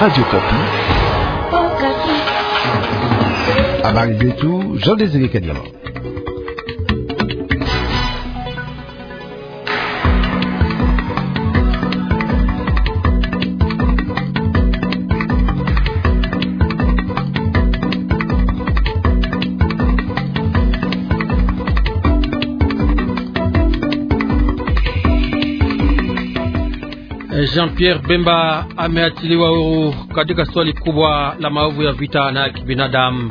Radio Kapi. Habari oh, ah, Tout, Jean désiré Kanyama. Jean-Pierre Bemba ameachiliwa huru katika swali kubwa la maovu ya vita na ya kibinadamu.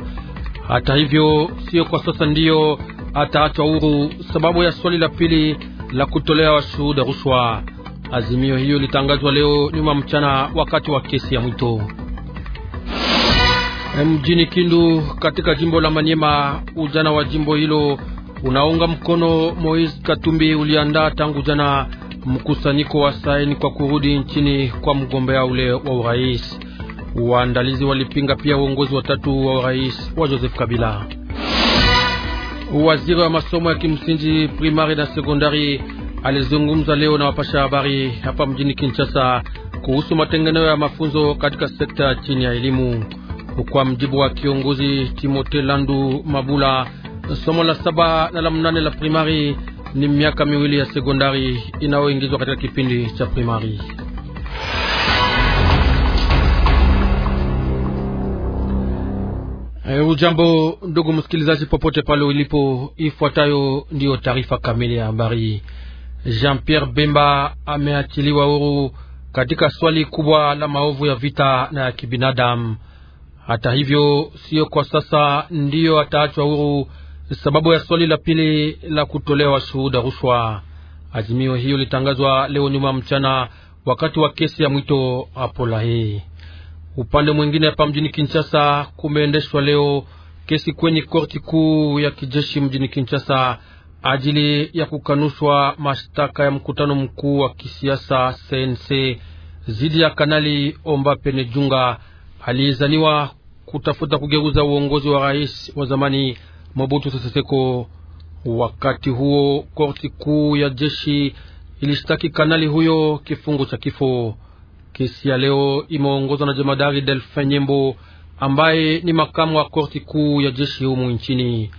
Hata hivyo, sio kwa sasa ndiyo ataachwa huru sababu ya swali la pili la kutolea washuhuda rushwa. Azimio hiyo litangazwa leo nyuma mchana wakati wa kesi ya mwito mjini Kindu katika jimbo la Manyema. Ujana wa jimbo hilo unaunga mkono Moise Katumbi uliandaa tangu jana mkusanyiko wa saini kwa kurudi nchini kwa mgombea ule wa urais. Waandalizi walipinga pia uongozi watatu wa urais wa Joseph Kabila. Waziri wa masomo ya kimsingi primari na sekondari alizungumza leo na wapasha habari hapa mjini Kinshasa kuhusu matengenezo ya mafunzo katika sekta ya chini ya elimu. Kwa mjibu wa kiongozi Timote Landu Mabula, somo la saba na la mnane la primari ni miaka miwili ya sekondari inayoingizwa katika kipindi cha primari. E, ujambo ndugu msikilizaji, popote pale ulipo, ifuatayo ndiyo taarifa kamili ya habari. Jean-Pierre Bemba ameachiliwa huru katika swali kubwa la maovu ya vita na ya kibinadamu. Hata hivyo, sio kwa sasa ndiyo ataachwa huru sababu ya swali la pili la kutolewa shuhuda rushwa. Azimio hiyo litangazwa leo nyuma mchana wakati wa kesi ya mwito apola hii. Upande mwingine, hapa mjini Kinshasa kumeendeshwa leo kesi kwenye korti kuu ya kijeshi mjini Kinshasa ajili ya kukanushwa mashtaka ya mkutano mkuu wa kisiasa CNC dhidi ya Kanali Omba Penejunga aliyezaniwa kutafuta kugeuza uongozi wa rais wa zamani Mobutu Sese Seko. Wakati huo korti kuu ya jeshi ilishtaki kanali huyo kifungo cha kifo. Kesi ya leo imeongozwa na jemadari Delfin Nyembo ambaye ni makamu wa korti kuu ya jeshi humu nchini.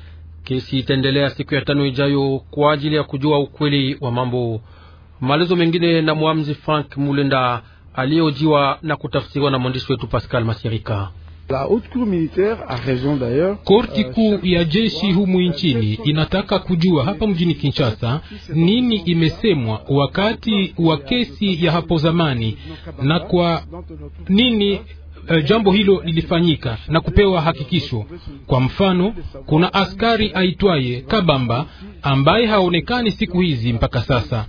Kesi itaendelea siku ya tano ijayo kwa ajili ya kujua ukweli wa mambo. Maelezo mengine na mwamzi Frank Mulenda aliyeojiwa na kutafsiriwa na mwandishi wetu Pascal Masirika. Korti euh, kuu ya jeshi humu nchini inataka kujua hapa mjini Kinshasa nini imesemwa wakati wa kesi ya hapo zamani na kwa nini Uh, jambo hilo lilifanyika na kupewa hakikisho. Kwa mfano, kuna askari aitwaye Kabamba ambaye haonekani siku hizi mpaka sasa.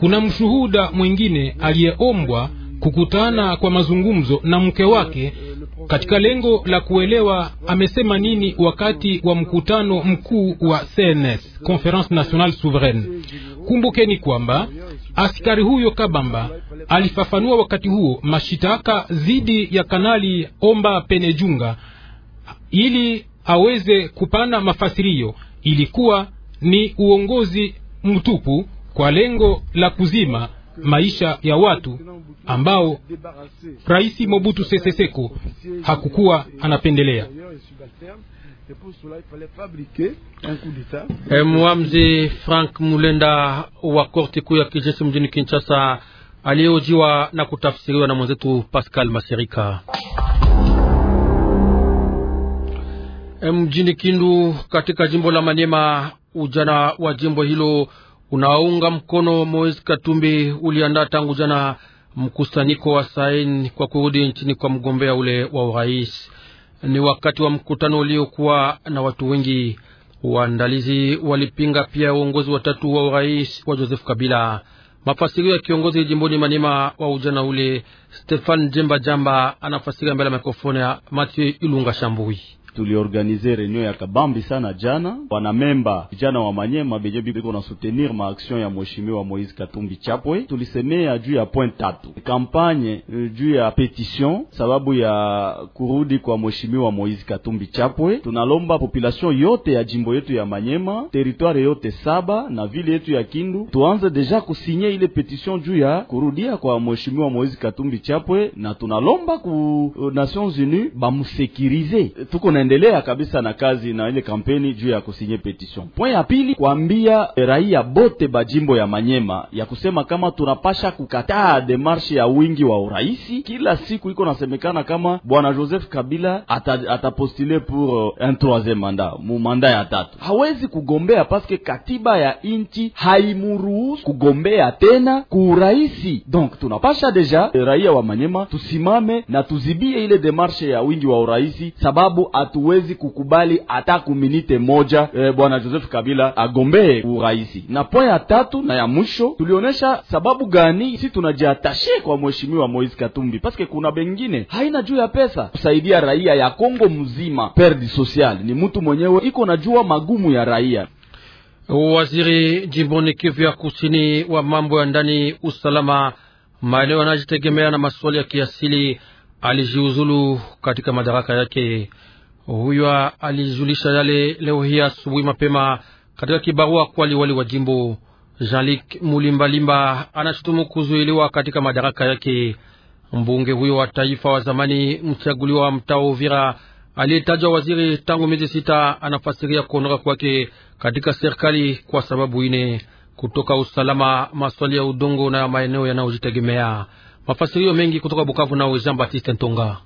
Kuna mshuhuda mwingine aliyeombwa kukutana kwa mazungumzo na mke wake katika lengo la kuelewa amesema nini wakati wa mkutano mkuu wa CNS, Conference Nationale Souveraine. Kumbukeni kwamba askari huyo Kabamba alifafanua wakati huo mashitaka dhidi ya Kanali Omba Penejunga ili aweze kupana mafasirio. Ilikuwa ni uongozi mtupu kwa lengo la kuzima maisha ya watu ambao rais mobutu sese seko hakukuwa anapendelea E, mwamzi Frank Mulenda wa korti kuu ya kijeshi mjini Kinshasa aliyehojiwa na kutafsiriwa na mwenzetu Pascal Masirika. E, mjini Kindu katika jimbo la manema ujana wa jimbo hilo unaounga mkono Moise Katumbi uliandaa tangu jana mkusanyiko wa saini kwa kurudi nchini kwa mgombea ule wa urais. Ni wakati wa mkutano uliokuwa na watu wengi. Waandalizi walipinga pia uongozi watatu wa urais wa Joseph Kabila. Mafasirio ya kiongozi jimboni manima wa ujana ule Stefan Jemba Jamba anafasiria mbele ya mikrofoni ya Mathieu Ilunga Shambui tuliorganize reunion ya kabambi sana jana, wanamemba vijana wa Manyema benye biko na soutenir maaksion ya mheshimiwa Moise Katumbi Chapwe. Tulisemea juu ya point tatu: kampanye euh, juu ya petition sababu ya kurudi kwa mheshimiwa Moise Katumbi Chapwe. Tunalomba population yote ya jimbo yetu ya Manyema, teritware yote saba na vile yetu ya Kindu, tuanze deja kusinye ile petition juu ya kurudia kwa mheshimiwa Moise Katumbi Chapwe, na tunalomba ku euh, Nations Unies bamusekirize tuko na tunaendelea kabisa na kazi na ile kampeni juu ya kusinye petition. Point ya pili, kuambia raia bote bajimbo ya Manyema ya kusema kama tunapasha kukataa demarshe ya wingi wa uraisi. Kila siku iko nasemekana kama bwana Joseph Kabila atapostule ata pour euh, un troisieme mandat, mu manda ya tatu hawezi kugombea paske katiba ya inchi haimuruhusu kugombea tena ku uraisi. Donc tunapasha deja euh, raia wa Manyema tusimame na tuzibie ile demarshe ya wingi wa uraisi sababu atu hatuwezi kukubali hata kuminite moja e, bwana Joseph Kabila agombee uraisi. Na point ya tatu na ya mwisho, tulionyesha sababu gani si tunajiatashe kwa mheshimiwa Moise Katumbi, paske kuna bengine haina juu ya pesa kusaidia raia ya Kongo mzima. Perdi social ni mtu mwenyewe iko najua magumu ya raia. Waziri jimboni Kivu ya kusini wa mambo ya ndani, usalama, maeneo yanajitegemea na maswali ya kiasili alijiuzulu katika madaraka yake. Huyo alijulisha yale leo hii asubuhi mapema katika kibarua kwa liwali wa jimbo Jean-Luc Mulimbalimba anashutumu kuzuiliwa katika madaraka yake. Mbunge huyo wa taifa wa zamani mchaguliwa wa mtaa Uvira aliyetajwa waziri tangu miezi sita anafasiria kuondoka kwake katika serikali kwa sababu ine kutoka usalama, maswali ya udongo na maeneo yanayojitegemea. Mafasirio mengi kutoka Bukavu, nao Jean Baptiste Ntonga.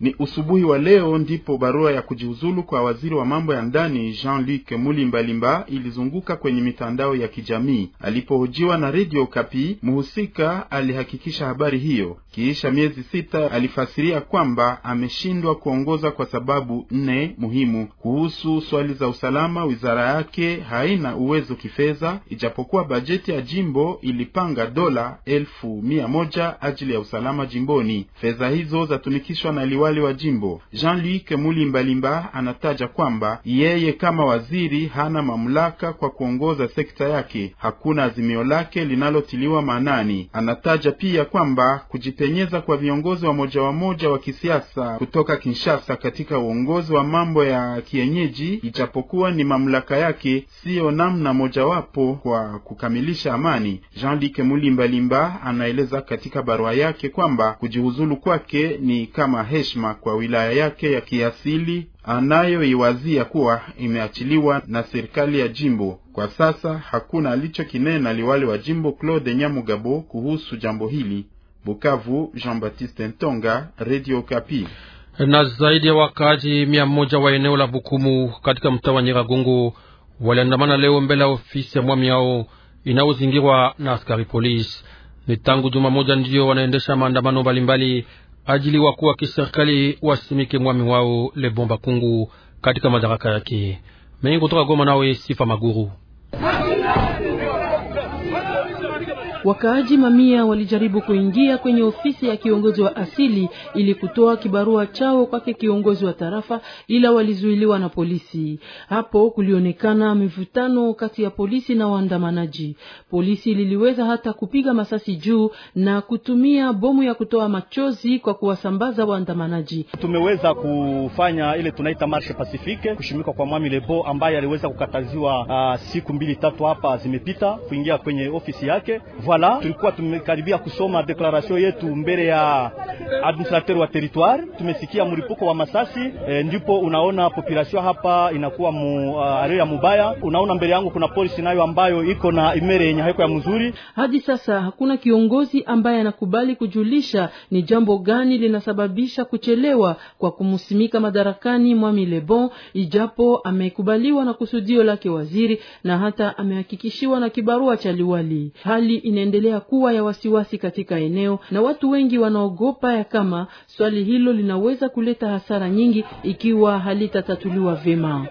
Ni usubuhi wa leo ndipo barua ya kujiuzulu kwa waziri wa mambo ya ndani Jean-Luc Mulimbalimba ilizunguka kwenye mitandao ya kijamii. Alipohojiwa na Radio Kapi, mhusika alihakikisha habari hiyo. Kiisha miezi sita, alifasiria kwamba ameshindwa kuongoza kwa sababu nne muhimu kuhusu swali za usalama. Wizara yake haina uwezo kifedha, ijapokuwa bajeti ya jimbo ilipanga dola elfu mia moja ajili ya usalama jimboni. Fedha hizo zatumikishwa na liwali wa jimbo Jean-Luc Mulimbalimba. Anataja kwamba yeye kama waziri hana mamlaka kwa kuongoza sekta yake, hakuna azimio lake linalotiliwa maanani. Anataja pia kwamba kujipe kujipenyeza kwa viongozi wa moja wa moja wa kisiasa kutoka Kinshasa katika uongozi wa mambo ya kienyeji, ijapokuwa ni mamlaka yake, siyo namna mojawapo kwa kukamilisha amani. Jean Luc Mulimba Limba anaeleza katika barua yake kwamba kujihuzulu kwake ni kama heshima kwa wilaya yake ya kiasili anayoiwazia kuwa imeachiliwa na serikali ya jimbo. Kwa sasa hakuna alichokinena liwali wa jimbo Claude Nyamugabo kuhusu jambo hili. Bukavu, Jean-Baptiste Ntonga, Radio Kapi. Na zaidi ya wakaaji mia moja wa eneo la Bukumu katika mtaa wa Nyiragongo waliandamana leo mbele ya ofisi ya mwami yao inayozingirwa na askari polisi. Ni tangu juma moja ndiyo wanaendesha maandamano mbalimbali ajili wakuu wa kiserikali wasimike mwami wao Lebomba Kungu katika madaraka yake mengi. Kutoka Goma nawe Sifa Maguru. Wakaaji mamia walijaribu kuingia kwenye ofisi ya kiongozi wa asili ili kutoa kibarua chao kwake kiongozi wa tarafa, ila walizuiliwa na polisi. Hapo kulionekana mivutano kati ya polisi na waandamanaji. Polisi liliweza hata kupiga masasi juu na kutumia bomu ya kutoa machozi kwa kuwasambaza waandamanaji. Tumeweza kufanya ile tunaita marshe pasifike kushimika kwa Mwami Lebo ambaye aliweza kukataziwa, uh, siku mbili tatu hapa zimepita kuingia kwenye ofisi yake Kampala tulikuwa tumekaribia kusoma deklaration yetu mbele ya administrateur wa territoire. Tumesikia mlipuko wa masasi e, ndipo unaona population hapa inakuwa mu uh, area mubaya. Unaona mbele yangu kuna polisi nayo ambayo iko na imere yenye haiko ya mzuri. Hadi sasa hakuna kiongozi ambaye anakubali kujulisha ni jambo gani linasababisha kuchelewa kwa kumsimika madarakani Mwami Lebon, ijapo amekubaliwa na kusudio lake waziri na hata amehakikishiwa na kibarua cha liwali hali inaendelea kuwa ya wasiwasi katika eneo, na watu wengi wanaogopa ya kama swali hilo linaweza kuleta hasara nyingi ikiwa halitatatuliwa vyema.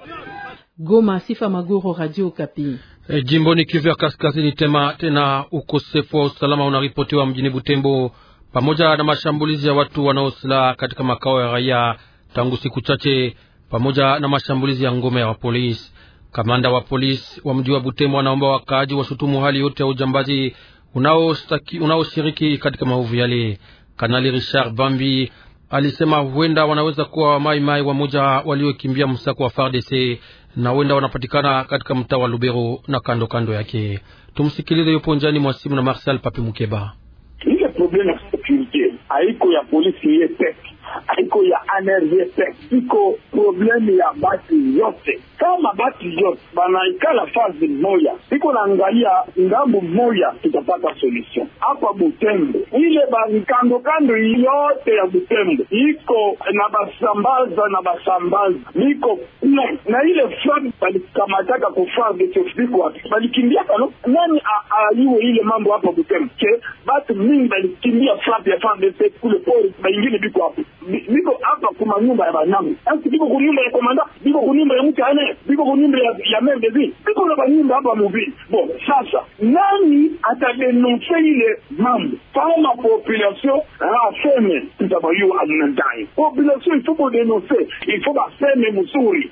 Goma, Sifa Magoro, Radio Kapi. E, jimboni Kivu ya Kaskazini tema tena ukosefu wa usalama unaripotiwa mjini Butembo pamoja na mashambulizi ya watu wanaosilaha katika makao ya raia tangu siku chache, pamoja na mashambulizi ya ngome ya wapolisi. Kamanda wa polisi wa mji wa Butembo anaomba wakaaji washutumu hali yote ya ujambazi unaoshiriki unao katika maovu yale. Kanali Richard Bambi alisema huenda wanaweza kuwa wamaimai wamoja waliokimbia msako wa FARDC na huenda wanapatikana katika mtaa wa Lubero na kando kando yake. Tumsikilize, yupo njani mwa simu na Marcel Papi Mukeba. Ile problem ya security haiko ya polisi yepek, haiko ya yepek, iko problemu ya basi yote kama batu yote banaikala fazi moya, siko naangalia ngambo moya, tutapata solution hapa Butembo. Ile bakandokando yote ya Butembo iko na basambaza na basambaza niko ne na ile flag balikamataka kufadesefdiko balikimbia no nani aiwe ile mambo hapa Butembo ke batu mingi balikimbia flag ya FARDC kule pori, baingine biko hapa biko hapa kuma nyumba ya banamu asi biko kunyumba ya komanda biko kunyumba ya mtu ana biko kunyumba ya, ya merdezi biko na banyumba hapa mubi bo. Sasa nani atadenonse ile mambo kama population aseme tutabayua anandai population ifo bodenonse ifo baseme mzuri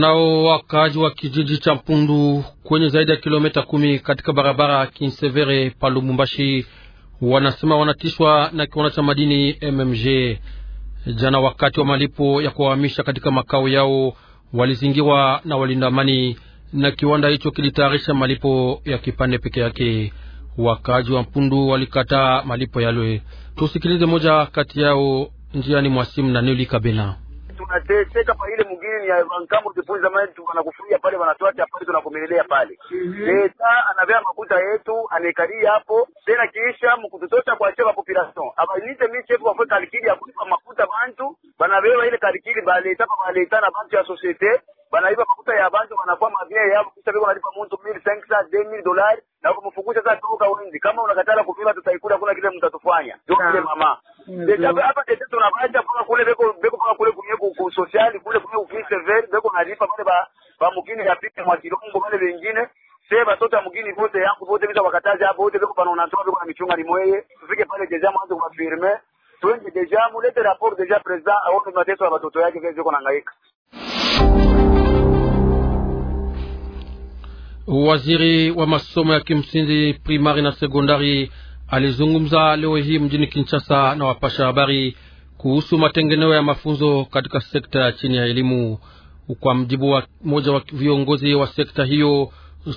nao wakaaji wa kijiji cha Mpundu kwenye zaidi ya kilomita kumi katika barabara Kinsevere pa Lubumbashi wanasema wanatishwa na kiwanda cha madini MMG. Jana wakati wa malipo ya kuwahamisha katika makao yao walizingiwa na walindamani na kiwanda hicho kilitayarisha malipo ya kipande peke yake. Wakaaji wa Mpundu walikataa malipo yale. Tusikilize moja kati yao njiani mwa simu na Nili Kabela unateseka pa ile mwingine ni ankamo depois zamani wanakufuria pale, wanatoa pale, tunakomelelea pale mhm. leta anavea makuta yetu anekalia hapo tena, kisha mkututosha kwa cheva population abanite michefu wafwe kalikili ya kulipa makuta bantu banabeba ile kalikili baleta pa baleta na bantu ya societe banaiba makuta ya bantu wanakuwa mavia yao, kisha biko nalipa mtu 1500 2000 dolari na kumfukusha sasa. Toka wenzi kama unakatala kupima, tutaikula kuna kile mtatufanya ndio. kile Mama hapa tete tunabacha kwa kule beko beko kwa kule ku kusosiali kule kwenye ofisi vele beko nalipa bale ba ba mugini ya pipi mwa kilongo bale vingine sasa batoto ya mugini wote yangu wote bila wakataza hapo wote beko panaona ndio beko na michunga ni mweye tufike pale deja mwanzo kwa firme tuende deja mulete rapport deja president aone mateso ya watoto yake kazi yuko nahangaika Waziri wa masomo ya kimsingi primari na sekondari alizungumza leo hii mjini Kinshasa na wapasha habari kuhusu matengeneo ya mafunzo katika sekta ya chini ya elimu. Kwa mjibu wa mmoja wa viongozi wa sekta hiyo,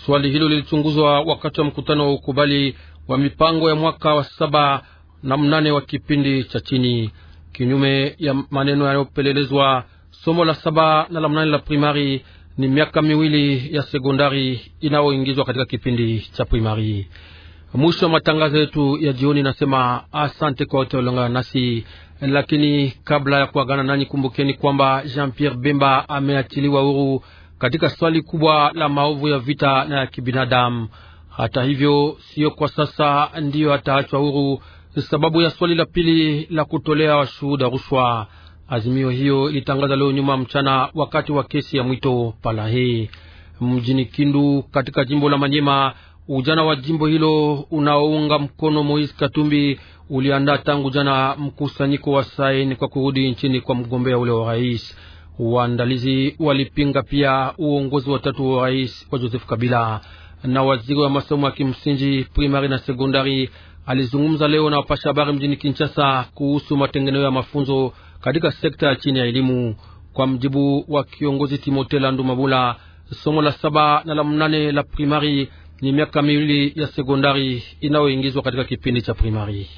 swali hilo lilichunguzwa wakati wa mkutano wa ukubali wa mipango ya mwaka wa saba na mnane wa kipindi cha chini, kinyume ya maneno yanayopelelezwa somo la saba na la mnane la primari ni miaka miwili ya sekondari inayoingizwa katika kipindi cha primari. Mwisho wa matangazo yetu ya jioni, nasema asante kwa wote waliongana nasi, lakini kabla ya kuagana nanyi, kumbukeni kwamba Jean Pierre Bemba ameachiliwa huru katika swali kubwa la maovu ya vita na ya kibinadamu. Hata hivyo, sio kwa sasa ndiyo ataachwa huru sababu ya swali la pili la kutolea washuhuda rushwa. Azimio hiyo ilitangaza leo nyuma mchana, wakati wa kesi ya mwito Palahe mjini Kindu katika jimbo la Manyema. Ujana wa jimbo hilo unaounga mkono Moise Katumbi uliandaa tangu jana mkusanyiko wa saini kwa kurudi nchini kwa mgombea ule wa rais. Waandalizi walipinga pia uongozi wa tatu wa rais wa Joseph Kabila. Na waziri wa masomo ya kimsingi primari na sekondari alizungumza leo na wapasha habari mjini Kinshasa kuhusu matengenezo ya mafunzo katika sekta ya chini ya elimu. Kwa mjibu wa kiongozi Timote Landu Mabula, somo la saba na la mnane la primari ni miaka miwili ya sekondari inayoingizwa katika kipindi cha primari.